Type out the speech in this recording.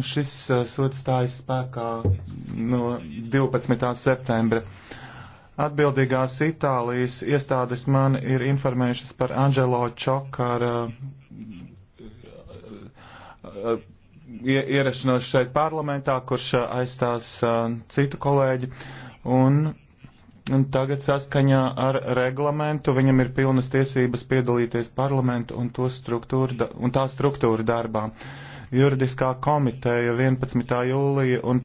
Šis uh, sots stājas spēkā no 12. septembra. Atbildīgās Itālijas iestādes man ir informējušas par Angelo Čokara uh, uh, ierašanos šeit parlamentā, kurš aizstās citu kolēģi. Un tagad saskaņā ar reglamentu viņam ir pilnas tiesības piedalīties parlamentu un, struktūru, un tā struktūra darbā juridiskā komiteja 11. jūlija un